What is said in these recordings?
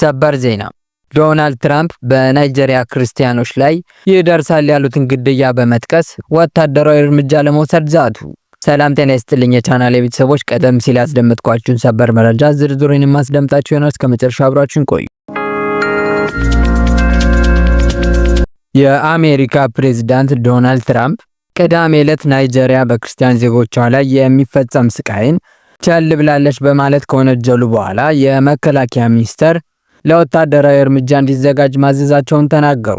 ሰበር ዜና ዶናልድ ትራምፕ በናይጄሪያ ክርስቲያኖች ላይ ይደርሳል ያሉትን ግድያ በመጥቀስ ወታደራዊ እርምጃ ለመውሰድ ዛቱ። ሰላም ጤና ይስጥልኝ የቻናል የቤተሰቦች፣ ቀደም ሲል ያስደመጥኳችሁን ሰበር መረጃ ዝርዝሩን የማስደምጣችሁ ይሆናል። እስከ መጨረሻ አብራችሁን ቆዩ። የአሜሪካ ፕሬዝዳንት ዶናልድ ትራምፕ ቅዳሜ ዕለት ናይጄሪያ በክርስቲያን ዜጎቿ ላይ የሚፈጸም ስቃይን ቸል ብላለች በማለት ከወነጀሉ በኋላ የመከላከያ ሚኒስተር ለወታደራዊ እርምጃ እንዲዘጋጅ ማዘዛቸውን ተናገሩ።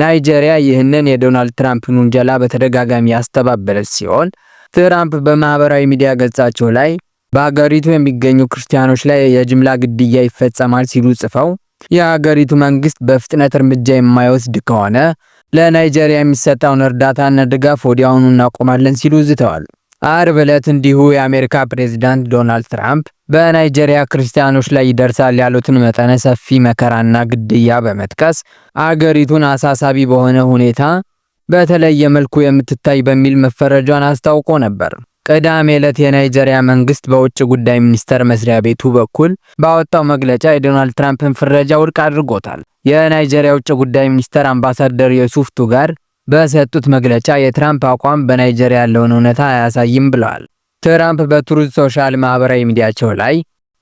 ናይጄሪያ ይህንን የዶናልድ ትራምፕን ውንጀላ በተደጋጋሚ ያስተባበለች ሲሆን ትራምፕ በማህበራዊ ሚዲያ ገጻቸው ላይ በአገሪቱ የሚገኙ ክርስቲያኖች ላይ የጅምላ ግድያ ይፈጸማል ሲሉ ጽፈው የአገሪቱ መንግስት በፍጥነት እርምጃ የማይወስድ ከሆነ ለናይጄሪያ የሚሰጠውን እርዳታና ድጋፍ ወዲያውኑ እናቆማለን ሲሉ ዝተዋል። አርብ ዕለት እንዲሁ የአሜሪካ ፕሬዚዳንት ዶናልድ ትራምፕ በናይጄሪያ ክርስቲያኖች ላይ ይደርሳል ያሉትን መጠነ ሰፊ መከራና ግድያ በመጥቀስ አገሪቱን አሳሳቢ በሆነ ሁኔታ በተለየ መልኩ የምትታይ በሚል መፈረጃን አስታውቆ ነበር። ቅዳሜ ዕለት የናይጄሪያ መንግስት በውጭ ጉዳይ ሚኒስቴር መስሪያ ቤቱ በኩል ባወጣው መግለጫ የዶናልድ ትራምፕን ፍረጃ ውድቅ አድርጎታል። የናይጄሪያ ውጭ ጉዳይ ሚኒስቴር አምባሳደር ዩሱፍ ቱጋር በሰጡት መግለጫ የትራምፕ አቋም በናይጄሪያ ያለውን እውነታ አያሳይም ብለዋል። ትራምፕ በትሩዝ ሶሻል ማህበራዊ ሚዲያቸው ላይ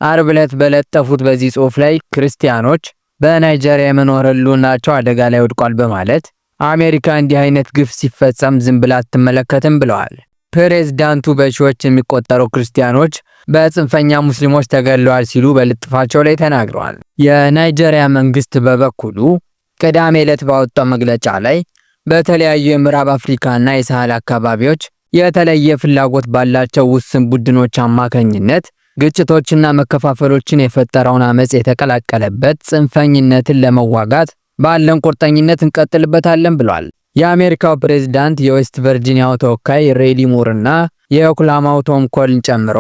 አርብ ዕለት በለጠፉት በዚህ ጽሑፍ ላይ ክርስቲያኖች በናይጄሪያ የመኖር ህልውናቸው አደጋ ላይ ወድቋል በማለት አሜሪካ እንዲህ አይነት ግፍ ሲፈጸም ዝም ብላ አትመለከትም ብለዋል። ፕሬዝዳንቱ በሺዎች የሚቆጠሩ ክርስቲያኖች በጽንፈኛ ሙስሊሞች ተገለዋል ሲሉ በልጥፋቸው ላይ ተናግረዋል። የናይጄሪያ መንግስት በበኩሉ ቅዳሜ ዕለት ባወጣው መግለጫ ላይ በተለያዩ የምዕራብ አፍሪካና የሳህል አካባቢዎች የተለየ ፍላጎት ባላቸው ውስን ቡድኖች አማካኝነት ግጭቶችና መከፋፈሎችን የፈጠረውን አመፅ የተቀላቀለበት ጽንፈኝነትን ለመዋጋት ባለን ቁርጠኝነት እንቀጥልበታለን ብሏል። የአሜሪካው ፕሬዝዳንት የዌስት ቨርጂኒያው ተወካይ ሬሊ ሙር እና የኦክላማው ቶም ኮልን ጨምሮ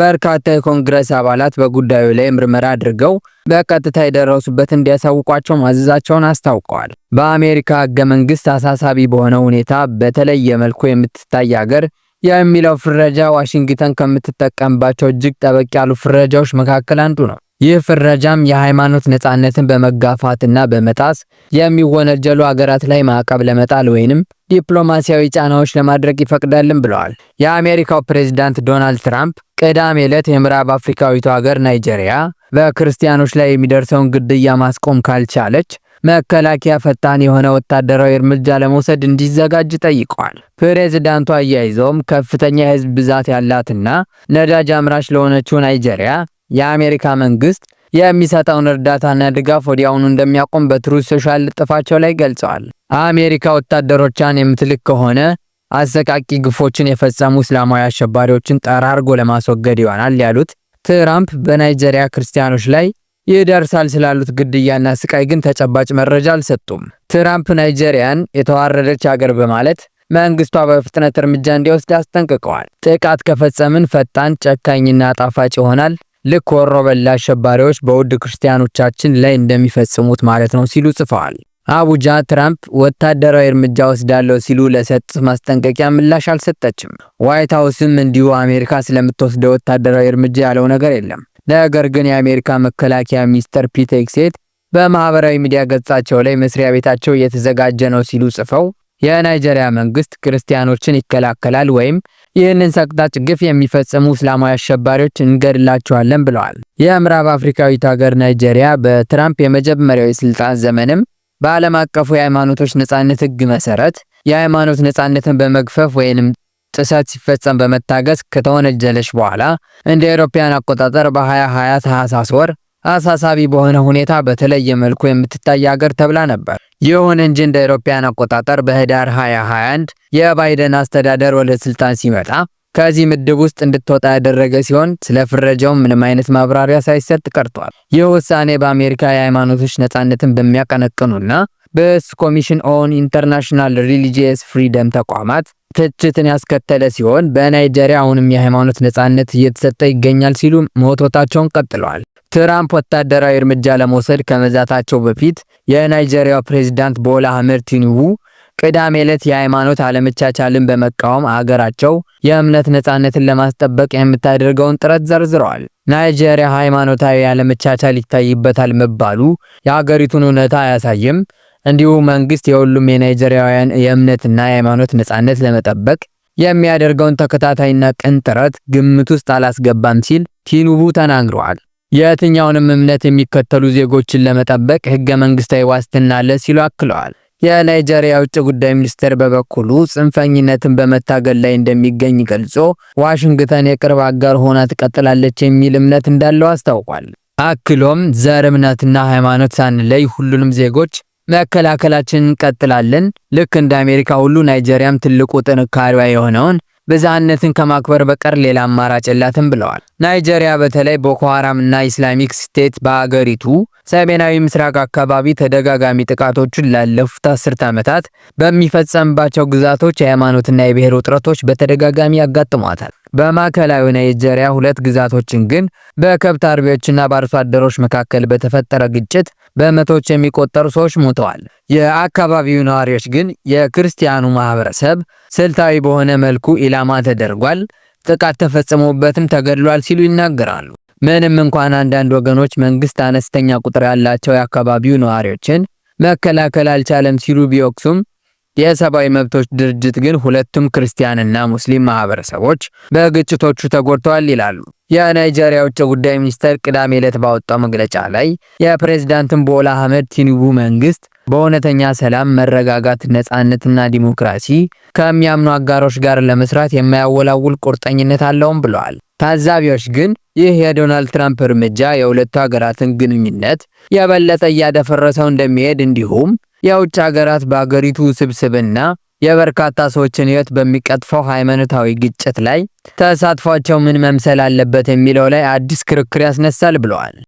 በርካታ የኮንግረስ አባላት በጉዳዩ ላይ ምርመራ አድርገው በቀጥታ የደረሱበት እንዲያሳውቋቸው ማዘዛቸውን አስታውቀዋል። በአሜሪካ ህገ መንግስት አሳሳቢ በሆነ ሁኔታ በተለየ መልኩ የምትታይ አገር የሚለው ፍረጃ ዋሽንግተን ከምትጠቀምባቸው እጅግ ጠበቅ ያሉ ፍረጃዎች መካከል አንዱ ነው። ይህ ፍረጃም የሃይማኖት ነጻነትን በመጋፋትና በመጣስ የሚወነጀሉ አገራት ላይ ማዕቀብ ለመጣል ወይንም ዲፕሎማሲያዊ ጫናዎች ለማድረግ ይፈቅዳልም ብለዋል። የአሜሪካው ፕሬዚዳንት ዶናልድ ትራምፕ ቅዳሜ ዕለት የምዕራብ አፍሪካዊቱ ሀገር ናይጄሪያ በክርስቲያኖች ላይ የሚደርሰውን ግድያ ማስቆም ካልቻለች መከላከያ ፈጣን የሆነ ወታደራዊ እርምጃ ለመውሰድ እንዲዘጋጅ ጠይቀዋል። ፕሬዝዳንቱ አያይዘውም ከፍተኛ የህዝብ ብዛት ያላትና ነዳጅ አምራች ለሆነችው ናይጄሪያ የአሜሪካ መንግስት የሚሰጠውን እርዳታና ድጋፍ ወዲያውኑ እንደሚያቆም በትሩዝ ሶሻል ጥፋቸው ላይ ገልጸዋል። አሜሪካ ወታደሮቿን የምትልክ ከሆነ አሰቃቂ ግፎችን የፈጸሙ እስላማዊ አሸባሪዎችን ጠራርጎ ለማስወገድ ይሆናል ያሉት ትራምፕ በናይጄሪያ ክርስቲያኖች ላይ ይደርሳል ስላሉት ግድያና ስቃይ ግን ተጨባጭ መረጃ አልሰጡም። ትራምፕ ናይጄሪያን የተዋረደች አገር በማለት መንግስቷ በፍጥነት እርምጃ እንዲወስድ አስጠንቅቀዋል። ጥቃት ከፈጸምን ፈጣን ጨካኝና ጣፋጭ ይሆናል ልክ ወሮ በላ አሸባሪዎች በውድ ክርስቲያኖቻችን ላይ እንደሚፈጽሙት ማለት ነው ሲሉ ጽፈዋል። አቡጃ ትራምፕ ወታደራዊ እርምጃ ወስዳለሁ ሲሉ ለሰጥ ማስጠንቀቂያ ምላሽ አልሰጠችም። ዋይት ሀውስም እንዲሁ አሜሪካ ስለምትወስደው ወታደራዊ እርምጃ ያለው ነገር የለም። ነገር ግን የአሜሪካ መከላከያ ሚኒስትር ፒት ሄግሴት በማህበራዊ ሚዲያ ገጻቸው ላይ መስሪያ ቤታቸው እየተዘጋጀ ነው ሲሉ ጽፈው የናይጄሪያ መንግስት ክርስቲያኖችን ይከላከላል ወይም ይህንን ሰቅጣጭ ግፍ የሚፈጽሙ እስላማዊ አሸባሪዎች እንገድላቸዋለን ብለዋል። የምዕራብ አፍሪካዊት ሀገር ናይጄሪያ በትራምፕ የመጀመሪያው የስልጣን ዘመንም በዓለም አቀፉ የሃይማኖቶች ነጻነት ህግ መሰረት የሃይማኖት ነጻነትን በመግፈፍ ወይንም ጥሰት ሲፈጸም በመታገስ ከተወነጀለች በኋላ እንደ አውሮፓውያን አቆጣጠር በ2020 ታህሳስ ወር አሳሳቢ በሆነ ሁኔታ በተለየ መልኩ የምትታይ አገር ተብላ ነበር። ይሁን እንጂ እንደ አውሮፓውያን አቆጣጠር በህዳር 2021 የባይደን አስተዳደር ወደ ስልጣን ሲመጣ ከዚህ ምድብ ውስጥ እንድትወጣ ያደረገ ሲሆን ስለ ፍረጃውም ምንም አይነት ማብራሪያ ሳይሰጥ ቀርቷል። ይህ ውሳኔ በአሜሪካ የሃይማኖቶች ነጻነትን በሚያቀነቅኑና በስ ኮሚሽን ኦን ኢንተርናሽናል ሪሊጂየስ ፍሪደም ተቋማት ትችትን ያስከተለ ሲሆን በናይጄሪያ አሁንም የሃይማኖት ነጻነት እየተሰጠ ይገኛል ሲሉ መወቶታቸውን ቀጥለዋል። ትራምፕ ወታደራዊ እርምጃ ለመውሰድ ከመዛታቸው በፊት የናይጄሪያው ፕሬዝዳንት ቦላ አህመድ ቲኑቡ ቅዳሜ ዕለት የሃይማኖት አለመቻቻልን በመቃወም አገራቸው የእምነት ነፃነትን ለማስጠበቅ የምታደርገውን ጥረት ዘርዝረዋል። ናይጄሪያ ሃይማኖታዊ አለመቻቻል ይታይበታል መባሉ የአገሪቱን እውነታ አያሳይም፣ እንዲሁ መንግስት የሁሉም የናይጄሪያውያን የእምነትና የሃይማኖት ነፃነት ለመጠበቅ የሚያደርገውን ተከታታይና ቅን ጥረት ግምት ውስጥ አላስገባም ሲል ቲኑቡ ተናግረዋል። የትኛውንም እምነት የሚከተሉ ዜጎችን ለመጠበቅ ህገ መንግስታዊ ዋስትና አለ ሲሉ አክለዋል። የናይጄሪያ ውጭ ጉዳይ ሚኒስቴር በበኩሉ ጽንፈኝነትን በመታገል ላይ እንደሚገኝ ገልጾ ዋሽንግተን የቅርብ አጋር ሆና ትቀጥላለች የሚል እምነት እንዳለው አስታውቋል። አክሎም ዘር፣ እምነትና ሃይማኖት ሳንለይ ሁሉንም ዜጎች መከላከላችንን እንቀጥላለን። ልክ እንደ አሜሪካ ሁሉ ናይጄሪያም ትልቁ ጥንካሬዋ የሆነውን ብዝሃነትን ከማክበር በቀር ሌላ አማራጭ የላትም ብለዋል። ናይጄሪያ በተለይ ቦኮ ሃራም እና ኢስላሚክ ስቴት በአገሪቱ ሰሜናዊ ምስራቅ አካባቢ ተደጋጋሚ ጥቃቶችን ላለፉት አስርት ዓመታት በሚፈጸምባቸው ግዛቶች የሃይማኖትና የብሔር ውጥረቶች በተደጋጋሚ ያጋጥሟታል። በማዕከላዊ ናይጄሪያ ሁለት ግዛቶችን ግን በከብት አርቢዎችና በአርሶ አደሮች መካከል በተፈጠረ ግጭት በመቶዎች የሚቆጠሩ ሰዎች ሞተዋል። የአካባቢው ነዋሪዎች ግን የክርስቲያኑ ማህበረሰብ ስልታዊ በሆነ መልኩ ኢላማ ተደርጓል፣ ጥቃት ተፈጽሞበትም ተገድሏል ሲሉ ይናገራሉ። ምንም እንኳን አንዳንድ ወገኖች መንግስት አነስተኛ ቁጥር ያላቸው የአካባቢው ነዋሪዎችን መከላከል አልቻለም ሲሉ ቢወቅሱም የሰብአዊ መብቶች ድርጅት ግን ሁለቱም ክርስቲያንና ሙስሊም ማህበረሰቦች በግጭቶቹ ተጎድተዋል ይላሉ። የናይጄሪያ ውጭ ጉዳይ ሚኒስቴር ቅዳሜ ዕለት ባወጣው መግለጫ ላይ የፕሬዝዳንትን ቦላ አህመድ ቲኒቡ መንግስት በእውነተኛ ሰላም፣ መረጋጋት፣ ነጻነትና ዲሞክራሲ ከሚያምኑ አጋሮች ጋር ለመስራት የማያወላውል ቁርጠኝነት አለውም ብለዋል። ታዛቢዎች ግን ይህ የዶናልድ ትራምፕ እርምጃ የሁለቱ ሀገራትን ግንኙነት የበለጠ እያደፈረሰው እንደሚሄድ እንዲሁም የውጭ ሀገራት በአገሪቱ ስብስብና የበርካታ ሰዎችን ሕይወት በሚቀጥፈው ሃይማኖታዊ ግጭት ላይ ተሳትፏቸው ምን መምሰል አለበት የሚለው ላይ አዲስ ክርክር ያስነሳል ብለዋል።